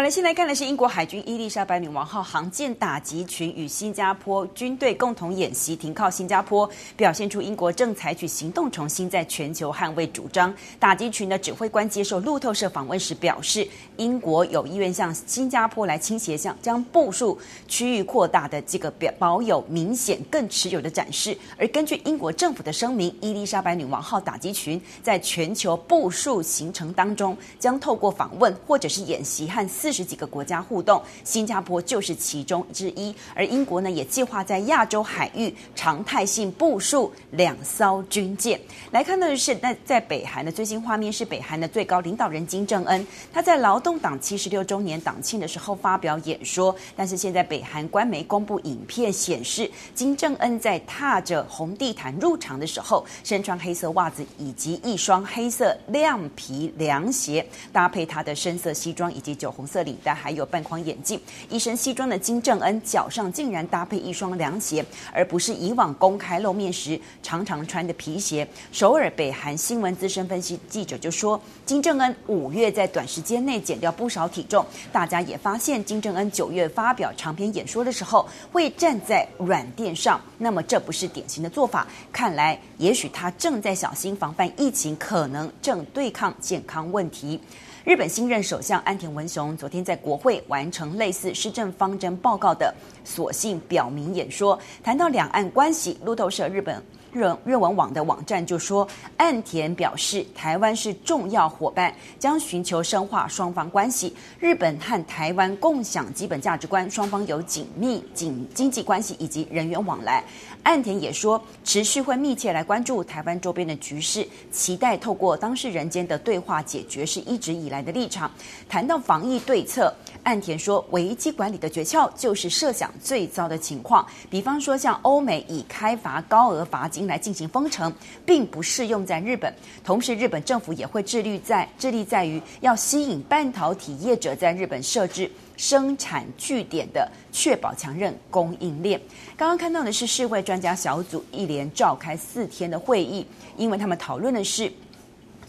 好了，現在看的是英國海軍伊麗莎白女王號航艦打擊群與新加坡軍隊共同演習，停靠新加坡，表現出英國正採取行動，重新在全球捍衛主張。打擊群的指揮官接受路透社訪問時表示，英國有意願向新加坡來傾斜，向將部署區域擴大的這個表保有明顯更持久的展示。而根據英國政府的聲明，伊麗莎白女王號打擊群在全球部署行程當中，將透過訪問或者是演習和四。四十幾個國家互動，新加坡就是其中之一。而英國呢，也計劃在亞洲海域常態性部署兩艘軍艦。來看到的是，那在北韓的最新畫面是北韓的最高領導人金正恩，他在勞動黨七十六週年黨慶的時候發表演說。但是現在北韓官媒公布影片顯示，金正恩在踏着紅地毯入場的時候，身穿黑色襪子以及一雙黑色亮皮涼鞋，搭配他的深色西裝以及酒紅色。裡的還有半框眼鏡，一身西裝的金正恩腳上竟然搭配一雙涼鞋，而不是以往公開露面時常常穿的皮鞋。首爾北韓新聞資深分析記者就說，金正恩五月在短時間內減掉不少體重，大家也發現金正恩九月發表長篇演說的時候會站在軟墊上，那麼這不是典型的做法，看來也許他正在小心防範疫情，可能正對抗健康問題。日本新任首相岸田文雄今天在國會完成類似施政方針報告的所信表明演說，談到兩岸關係，路透社日本，日文日文網的網站就說，岸田表示，台灣是重要夥伴，將尋求深化雙方關係。日本和台灣共享基本價值觀，雙方有緊密緊經濟關係以及人員往來。岸田也說，持續會密切來關注台灣周邊的局勢，期待透過當事人間的對話解決是一直以來的立場。談到防疫對策，岸田說，危機管理的訣竅就是設想最糟的情況，比方說像歐美以開罰高額罰金。來進行封城，並不適用在日本。同時，日本政府也會致力在致力在於要吸引半導體業者在日本設置生產據點的，確保強韌供應鏈。剛剛看到的是，世衛專家小組一連召開四天的會議，因為他們討論的是。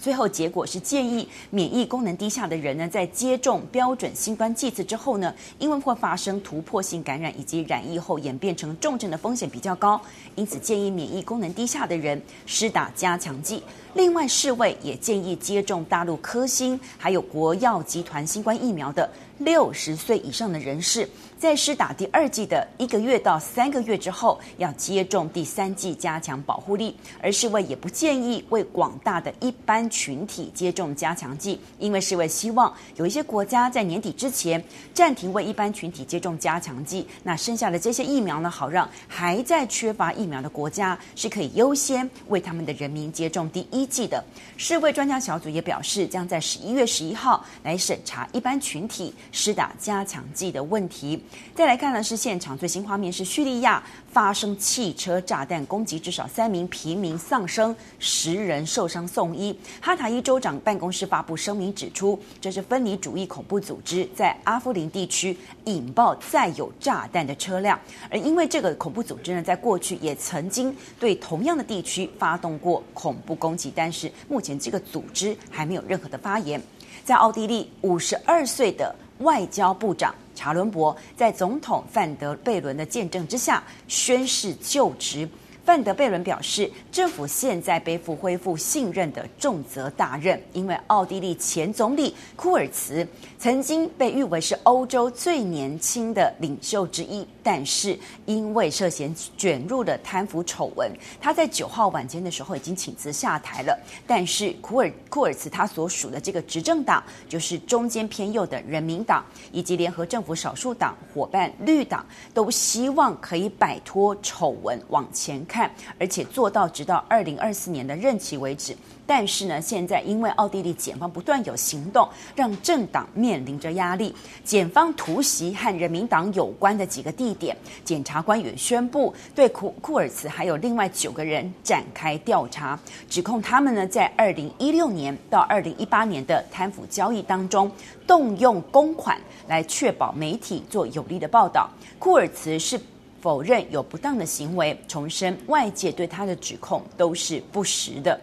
最後結果是建議免疫功能低下的人呢，在接種標準新冠劑次之後呢，因為會發生突破性感染以及染疫後演變成重症的風險比較高，因此建議免疫功能低下的人施打加強劑。另外，世衛也建議接種大陸科興還有國藥集團新冠疫苗的六十歲以上的人士。在施打第二劑的一個月到三個月之後，要接種第三劑加強保護力。而世衛也不建議為廣大的一般群體接種加強劑，因為世衛希望有一些國家在年底之前暫停為一般群體接種加強劑。那剩下的這些疫苗呢，好讓還在缺乏疫苗的國家是可以優先為他們的人民接種第一劑的。世衛專家小組也表示，將在十一月十一號來審查一般群體施打加強劑的問題。再來看呢，是現場最新畫面，是敘利亞發生汽車炸彈攻擊，至少三名平民喪生，十人受傷送醫。哈塔伊州長辦公室發布聲明指出，這是分離主義恐怖組織在阿夫林地區引爆載有炸彈的車輛，而因為這個恐怖組織呢，在過去也曾經對同樣的地區發動過恐怖攻擊，但是目前這個組織還沒有任何的發言。在奧地利，五十二歲的外交部長。查倫柏在總統范德貝倫的見證之下宣誓就職。范德貝倫表示，政府現在背負恢復信任的重責大任，因為奧地利前總理庫爾茨曾經被譽為是歐洲最年輕的領袖之一，但是因為涉嫌卷入了貪腐醜聞，他在九號晚間的時候已經請辭下台了。但是庫爾庫爾茨他所屬的這個執政黨，就是中間偏右的人民黨，以及聯合政府少數黨伙伴綠黨，都希望可以擺脫醜聞往前。看，而且做到直到二零二四年的任期為止。但是呢，現在因為奧地利檢方不斷有行動，讓政黨面臨着壓力。檢方突襲和人民黨有關的幾個地點，檢察官也宣布對庫庫爾茨還有另外九個人展開調查，指控他們呢在二零一六年到二零一八年的貪腐交易當中，動用公款來確保媒體做有利的報道。庫爾茨是。否認有不當的行為，重申外界對他的指控都是不實的。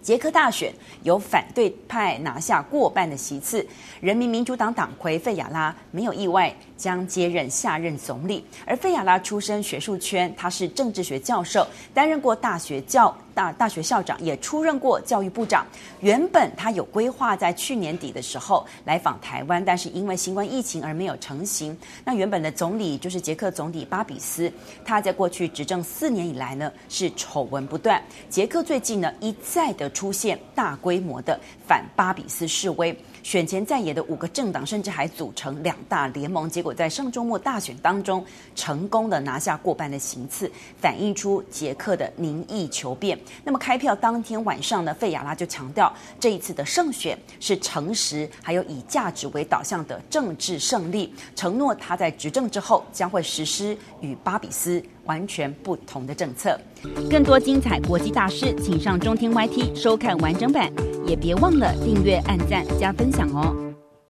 捷克大選由反對派拿下過半的席次，人民民主黨黨魁費亞拉，沒有意外將接任下任總理。而費亞拉出身學術圈，他是政治學教授，擔任過大學教。大大學校長也出任過教育部長。原本他有規劃在去年底的時候來訪台灣，但是因為新冠疫情而沒有成行。那原本的總理就是捷克總理巴比斯，他在過去執政四年以來呢是醜聞不斷。捷克最近呢一再的出現大規模的反巴比斯示威，選前在野的五個政黨甚至還組成兩大聯盟，結果在上周末大選當中成功的拿下過半的席次，反映出捷克的民意求變。那麼開票當天晚上呢，費亞拉就強調，這一次的勝選是誠實，還有以價值為導向的政治勝利，承諾他在執政之後將會實施與巴比斯完全不同的政策。更多精彩國際大師，請上中天 YT 收看完整版，也別忘了訂閱、按讚、加分享哦。